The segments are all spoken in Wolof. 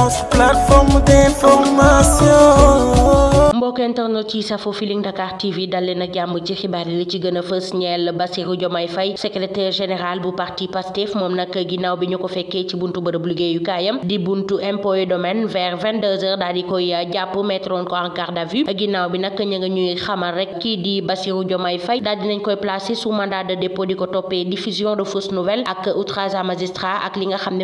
référence plateforme d'information. mbokk internet yi safo Feeling Dakar TV dal leen ci xibaar yi li ci gën a fës ñeel Bassirou Diomaye fay secrétaire général bu parti PASTEF moom nag ginnaaw bi ñu ko fekkee ci buntu bërëb liggéeyukaayam di buntu impôt et domaine vers 22h daal di koy jàpp mettroon ko en garde ginnaaw bi nag ñu nga ñuy xamal rek kii di Bassirou Diomaye Faye daal dinañ koy placer sous mandat de dépôt di ko toppee diffusion de fausses nouvelles ak outrage à magistrat ak li nga xam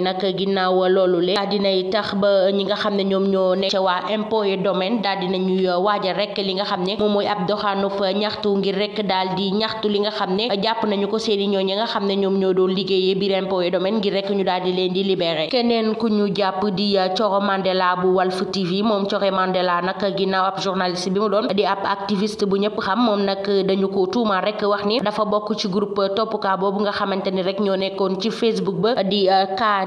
tey nag ginnaaw loolu le daal dinay tax ba ñi nga xam ne ñoom ñoo nekk ca waa impôt et domaine daal dina ñuy waajal rek li nga xam ne moom mooy ab doxaanub ñaxtu ngir rek daal di ñaxtu li nga xam ne jàpp nañu ko seeni ñoo ñi nga xam ne ñoom ñoo doon liggéeyee biir impôt et domaine ngir rek ñu daal di leen di libéré keneen ku ñu jàpp di Coro Mandela bu Walf TV moom Coro Mandela nag ginnaaw ab journaliste bi mu doon di ab activiste bu ñëpp xam moom nag dañu ko tuuma rek wax ni dafa bokk ci groupe toppka boobu nga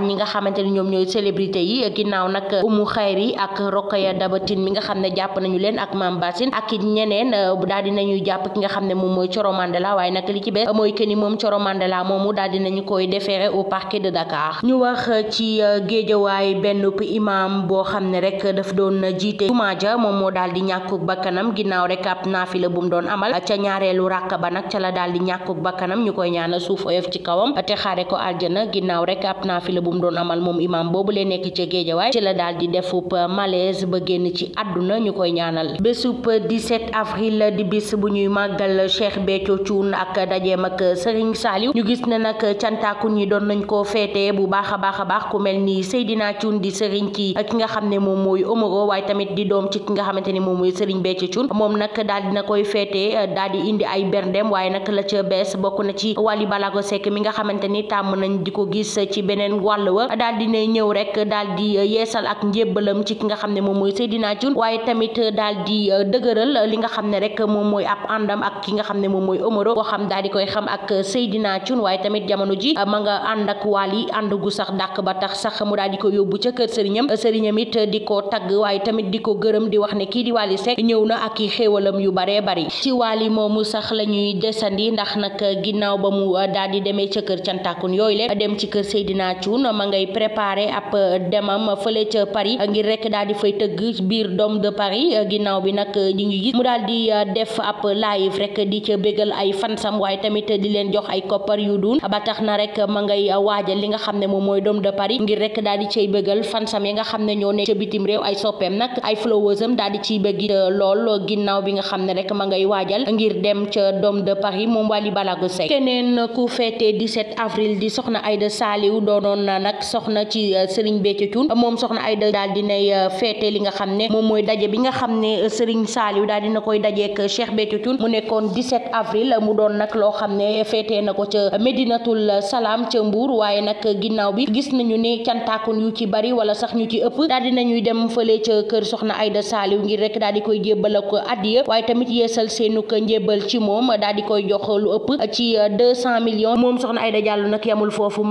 ñi nga xamante ni ñoom ñooy célébrité yi ginnaaw nag umu xayri ak Rokhaya Dabatine mi nga xam ne jàpp nañu leen ak Mame Bassine ak it ñeneen euh, daal dinañuy jàpp ki nga xam ne moom mooy Coro Mandela waaye nag li ci mooy ni moom Coro Mandela moomu daal dinañu koy déféré au parquet de Dakar ñu wax euh, ci euh, géejawaay benn imam boo xam ne rek daf doon jiite jumaa ja moom moo daal di ñàkkuk bakkanam ginnaaw rek ab naafila bu mu doon amal ca ñaareelu ràkk ba nag ca la daal di ñàkkuk bakkanam ñu koy ña suuf ci kawam bu mu doon amal moom imaam boobu lee nekk ca géejawaay ci la daal di defub ba génn ci àdduna ñu koy ñaanal bésub 17 avril di bis bu ñuy màggal Cheikh Béthio Thioune ak dajeem ak Serigne Saliou ñu gis ne nag cantaakun ñi doon nañ koo feete bu baax a baax a baax ku mel ni Seydina Thioune di Serigne ki ki nga xam ne moom mooy Omaro waaye tamit di doom ci ki nga xamante ni moom mooy Serigne Béthio Thioune moom nag daal dina koy feete daal di indi ay berndem waaye nag la ca bees bokk na ci Wally Balago Seck mi nga xamante ni tàmm wàll wa daal di nay ñëw rek daal di uh, yeesal ak njébbalam ci ki nga xam ne moom mooy Seydina Thioune waaye tamit uh, daal di uh, dëgëral li nga xam ne rek moom mooy ab àndam ak ki nga xam ne moom mooy Omaro boo xam daal di koy xam ak Seydina Thioune waaye tamit jamono ji ma nga ànd ak Wally ànd gu sax dàq ba tax sax mu daal di ko yóbbu ca kër sëriñam sëriñam it di ko tagg waaye tamit di ko gërëm di wax ne kii di Wally Seck ñëw na ak i xéewalam yu baree bari ci Wally moomu sax la ñuy desandi ndax nag ginnaaw ba mu daal di demee ca kër cantakun Thioune ma ngay préparé ab euh, demam fële ca Paris euh, ngir rek daal fay tëgg biir doom de Paris euh, ginnaaw bi nag ñu mu daal di def ab live rek di ca bégal ay fansam waaye tamit di leen jox ay koppar yu duun ba tax na rek ma ngay waajal li nga xam ne moom mooy doom de Paris ngir rek daal di cay bégal fansam yi nga xam ne ñoo nekk ca bitim réew ay soppeem nag ay flowasam daal di ciy bëgg lool ginnaaw bi nga xam ne rek ma ngay waajal ngir dem ca doom de Paris moom Wally Ballago na nag soxna ci euh, Serigne Béthio Thioune moom soxna Aida daal dinay euh, feete li nga xam ne moom mooy daje bi nga xam ne euh, Serigne Saliou daal dina koy dajeek Cheikh Béthio mu nekkoon 17 avril mu doon nag loo xam ne feetee na ko ca Médinatul Salaam ca Mbour waaye nag ginnaaw bi gis nañu ne cantaakun yu ci bari wala sax ñu ci ëpp daal dinañuy dem fële ca kër soxna Aida Saliou ngir rek daal di koy jébbal ak addiya waaye tamit yeesal seenu ko njébbal ci moom daal di koy jox lu ëpp ci 200 millions moom soxna Aida Diallo nag yamul foofu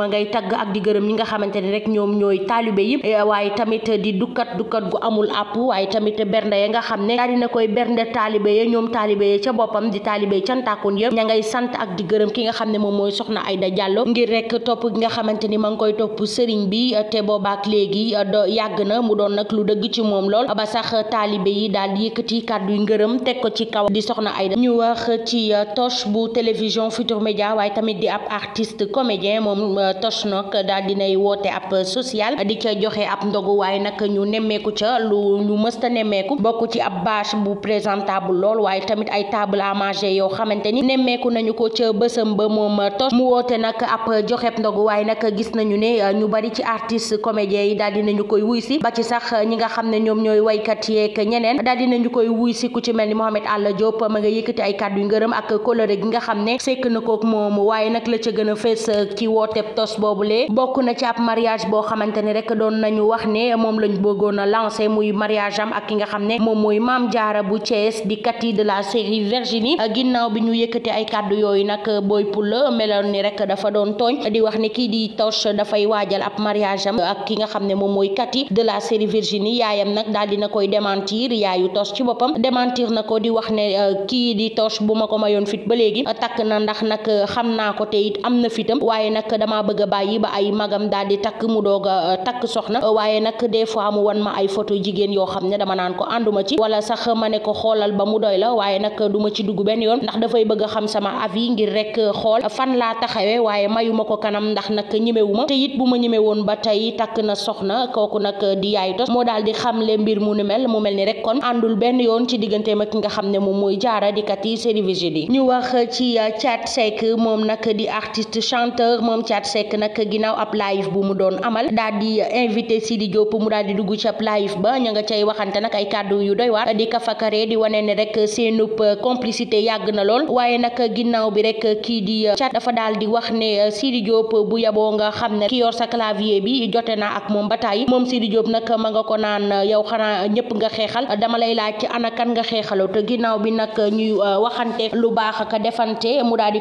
ñi nga xamante ne rek ñoom ñooy taalibe yi eh, waaye tamit di dukkat dukkat gu amul àpp waaye tamit bernde ya nga xam ne daal dina koy bernde taalibe ya ñoom taalibe ya ca boppam di taalibe yi cantaakun yëpp ña ngay sant ak di gërëm soxna Aida eh, do na mu ci moom lool ba sax taalibe yi daal di yëkkati kàddu yu ngërëm teg ko ci kaw di soxna Aida ñu wax ci eh, toche bu télévision Futur Média waaye tamit di ab artiste comédien moom toche nag daal nay woote ab social di ca joxe ab ndogu waaye nag ñu nemmeeku ca lu ñu mësta nemmeeku bokk ci ab bâche bu présentable lool waaye tamit ay table à yow xamante ni nemmeeku nañu ko ca bësam ba moom tos mu woote nag ab joxeb ndogu waaye nag gis nañu ne ñu bari ci artiste comédien yi daal dinañu koy wuy si ba ci sax ñi nga xam ne ñoom ñooy waykat yeeg ñeneen daal dinañu koy wuy ku ci mel ni Mohamed Alla Diop ma nga yëkkati ay kàddu yu ngërëm ak coloré gi nga xam ne na ci ab mariage boo xamante ni rek doon nañu wax ne moom lañ bëggoon a lancé muy mariage am ak ki nga xam ne moom mooy Maam Jaara bu Thiès di Cathy de la série Virginie ginnaaw bi ñu yëkkati ay kàddu yooyu nag Boy Poul meloon ni rek dafa doon tooñ di wax ne kii di Toch dafay waajal ab mariage am ak ki nga xam ne moom mooy Cathy de la série Virginie yaayam nag daal dina koy démentir yaayu Toch ci boppam démentir na ko di wax ne euh, kii di Toch bu ma ko mayoon fit ba léegi takk na ndax nag euh, xam naa ko te am na fitam waaye nag dama bëgg a bàyyi ba ay magam magam daal di takk mu doog a euh, takk soxna waaye nag des fois mu wan ma ay photo jigéen yoo xam ne dama naan ko ànduma ci wala sax ma ne ko xoolal ba mu doy la waaye nag du ma ci dugg benn yoon ndax dafay bëgg a xam sama yi ngir rek euh, xool fan laa taxawee waaye mayu ko kanam ndax nag ñimewu ma it bu ma ñime woon ba tey takk na soxna kooku nag di yaay tos moo daal di xamle mbir mu ni mel mu mel ni rek kon àndul benn yoon ci digganteem ak ki nga xam ne moom mooy jaara di kat yi série Vigile yi ñu wax ci euh, moom nag di artiste chanteur live bu mu doon amal daal di invité Sidi Diop mu daal di dugg ca live ba ña nga waxante nag ay kàddu yu doy waar di kafakaree di wane ne rek seenub complicité yàgg na lool waaye nag ginnaaw bi rek kii di cat dafa daal di wax ne Sidi Diop bu yaboo nga xam ne ki yor sa clavier bi jote naa ak moom ba tàyyi moom Sidi Diop nag ma nga ko naan yow xanaa ñëpp nga xeexal dama lay laaj a kan nga xeexaloo te ginnaaw bi nag ñuy euh, waxante lu baax ak defante mu daal di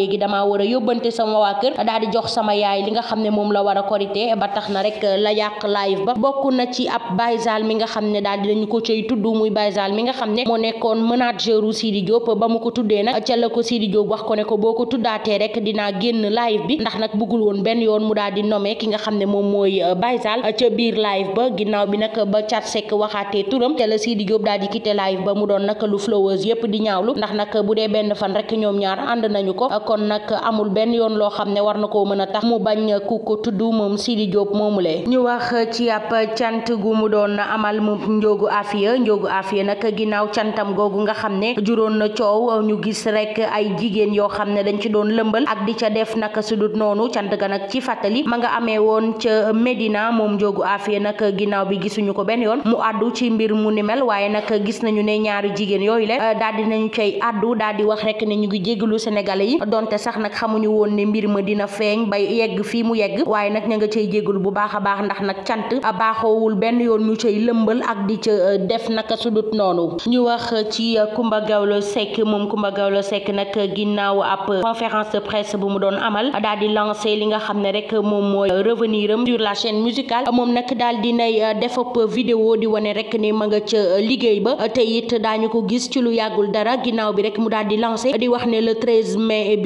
léegi damaa war a yóbbante sama waa kër daal di jox sama yaay li nga xam ne moom la war a korité ba tax na rek la yàq live ba bokk na ci ab baysal mi nga xam ne daal di dañu ko cay tudd muy baysal mi nga xam ne moo nekkoon manager u Sidi Diop ba mu ko tuddee nag ca la ko Sidi Diop wax ko ko boo ko tuddaatee rek dinaa génn live bi ndax nag bëggul woon benn yoon mu daal di nommé ki nga xam ne moom mooy baysal ca biir live ba ginnaaw bi nag ba Thiat Seck waxaatee turam ca la Sidi Diop daal di quitté live ba mu doon nag lu followers yépp di ñaawlu ndax nag bu dee benn fan rek ñoom ñaar ànd nañu ko kon nag amul benn yoon loo xam ne war na koo mën a tax mu bañ ku ko tudd moom Sidi moomu moomule. ñu wax ci ab cant gu mu doon amal mu Ndiogou Afia Ndiogou Afia nag ginnaaw cantam googu nga xam ne juróon na coow ñu gis rek ay jigéen yoo xam ne dañ ci doon lëmbal ak di ca def naka su noonu cant ga nag ci fàttali ma nga amee woon ca Medina moom Ndiogou Afia nag ginnaaw bi gisuñu ko benn yoon mu àddu ci mbir mu ni mel waaye nag gis nañu ne ñaari jigéen yooyu le daal di nañu cay àddu daal di wax rekk ne ñu ngi jégalu Sénégalais yi. donte sax nag xamuñu woon ne mbir ma dina feeñ bay yegg fii mu yegg waaye nag ña nga cay jégalu bu baax a baax ndax nag cant baaxoowul benn yoon ñu cay lëmbal ak di ca euh, def naka sudut noonu ñu wax euh, ci Kumba euh, Gawlo Seck moom Kumba Gawlo Seck nag ginnaaw ab conférence de presse bu mu doon amal daal di lancé li nga xam ne rek moom mooy revenir am sur la chaîne musicale moom nag daal di nay ab vidéo di wone rek ni ma nga ca liggéey ba te it daañu ko gis ci lu yàggul dara ginnaaw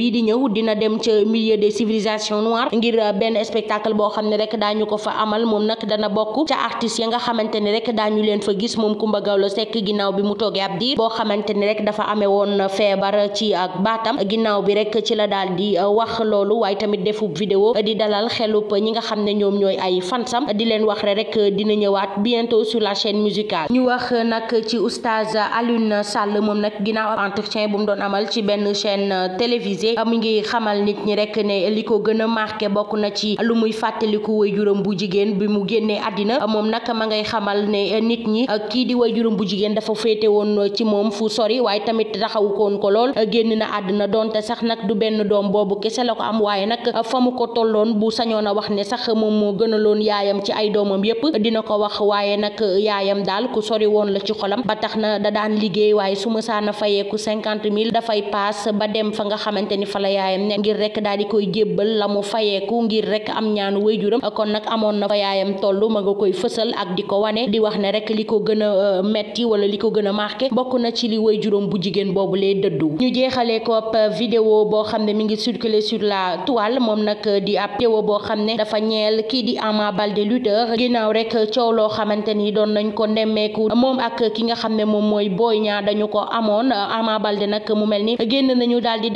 bii di ñëw dina dem ca milieu des civilisations noires ngir euh, benn spectacle boo xam ne rek daañu ko fa amal moom nag dana bokk ca artistes ya nga xamante ne rek ñu leen fa gis moom Coumba Gawlo sekk ginnaaw bi mu toogee ab boo xamante ne rek dafa amee woon feebar ci ak baatam ginnaaw bi rek ci la daal di euh, wax loolu waaye tamit defub vidéo di dalal xelub ñi nga xam ne ñoom ñooy ay fansam di leen wax rek euh, dina ñëwaat bientôt sur la chaîne musicale ñu wax nag ci oustaz Alioune Sall moom nag ginnaaw ab entretien bu mu doon amal ci benn chaîne télévisée Gueye mu ngi xamal nit ñi rek ne li ko gën a marqué bokk na ci lu muy fàttaliku juróom bu jigéen bi mu génnee àddina moom nag ma ngay xamal ne nit ñi kii di juróom bu jigéen dafa féete woon ci moom fu sori waaye tamit taxawu koon ko lool génn na àddina donte sax nag du benn doom boobu kese la ko am waaye nag fa mu ko tolloon bu sañoon a wax ne sax moom moo gënaloon yaayam ci ay doomam yépp dina ko wax waaye nag yaayam daal ku sori woon la ci xolam ba tax na da daan liggéey waaye ni fa la yaayam ne ngir rek daal di koy jébbal la mu fayeeku ngir rek am ñaanu wayjuram kon nag amoon na fa yaayam toll ma nga koy fësal ak di ko wane di wax ne rek li ko gën a euh, metti wala li ko gën a marqué bokk na ci li wayjuram bu jigéen boobu lee dëddu ñu jeexalee ko ab euh, vidéo boo xam ne mi ngi circuler sur la toile moom nag euh, di ab vidéo boo xam ne dafa ñeel kii di Ama Baldé lutteur ginnaaw rek coow loo xamante ni doon nañ ko nemmeeku moom ak ki nga xam ne moom mooy Boy Niang dañu ko amoon Ama Baldé nag mu mel ni génn nañu daal di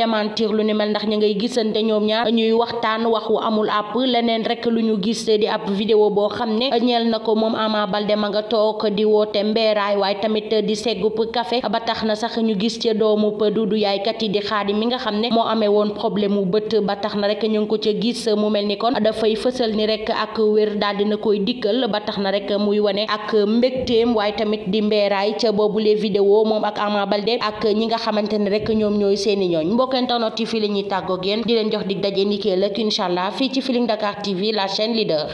lu ni mel ndax ña ngay gisante ñoom ñaar ñuy waxtaan wax wu amul àpp leneen rek lu ñu gis di ab vidéo boo xam ne ñeel na ko moom Ama dem ma nga toog di woote mbeeraay waaye tamit di seggub café ba tax na sax ñu gis ca doomu Dudu Yaay kat yi di xaadi mi nga xam ne moo amee woon problème mu bët ba tax na rek ñu ngi ko ca gis mu mel ni kon dafay fësal ni rek ak wér daal dina koy dikkal ba tax na rek muy wane ak mbégteem waaye tamit di mbeeraay ca boobu les vidéo moom ak Ama Baldé ak ñi nga xamante ne rek ñoom ñooy seeni ñooñ mbokk internet yi fii la ñuy tàggoog yéen di leen jox di daje ni ëllëg incha allah fii ci Feeling Dakar TV la chaîne leader.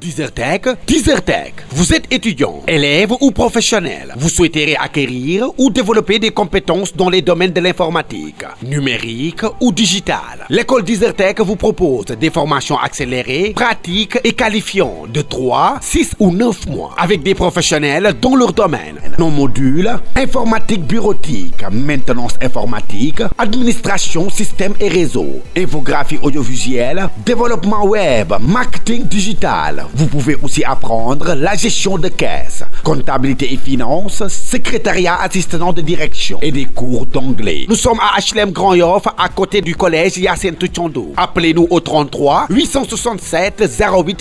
Deezertech, Deezertech. Vous êtes étudiant, élève ou professionnel. Vous souhaiterez acquérir ou développer des compétences dans les domaines de l'informatique, numérique ou digital. L'école Deezertech vous propose des formations accélérées, pratiques et qualifiantes de 3, 6 ou 9 mois avec des professionnels dans leur domaine. Nos modules informatique bureautique, maintenance informatique, administration, système et réseau, infographie audiovisuelle, développement web, marketing digital Vous pouvez aussi apprendre la gestion de caisse, comptabilité et finances, secrétariat assistant de direction et des cours d'anglais. Nous sommes à HLM Grand Yoff à côté du collège Yacine Touchandou. Appelez-nous au 33 867 08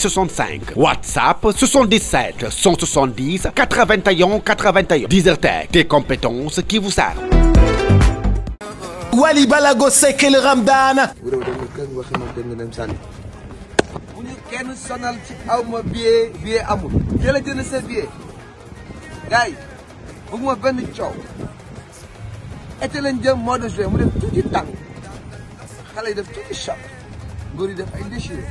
bu ñu kenn sonal ci awma billet billet amul jëla jënd sa billet gars yi benn coow été lañ jëm mois de juin mu def tuuti tàng xale yi def ci choc góor yi def ay déchiré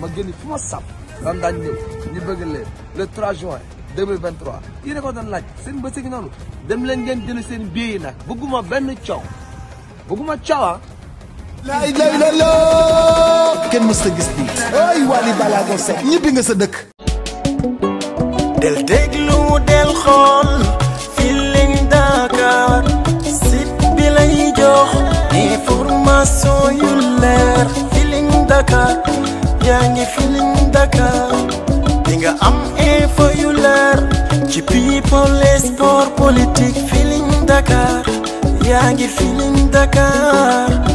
ma génn fi ma sàpp daan daan ñëw ñu bëgg leen le 3 juin 2023 yéen ko doon laaj seen bëccëg noonu dem leen ngeen jënd seen billet yi nag bëgguma benn coow bëgguma coow ah. laa ilaaha illallaah kenn mës ta gis nii ay Wally Ballago Seck ñibbi nga sa dëkk del déglu del xool Feeling Dakar site bi lay jox information yu leer Feeling Dakar yaa ngi Feeling Dakar di nga am info yu leer ci people et sport politique Feeling Dakar yaa ngi Feeling Dakar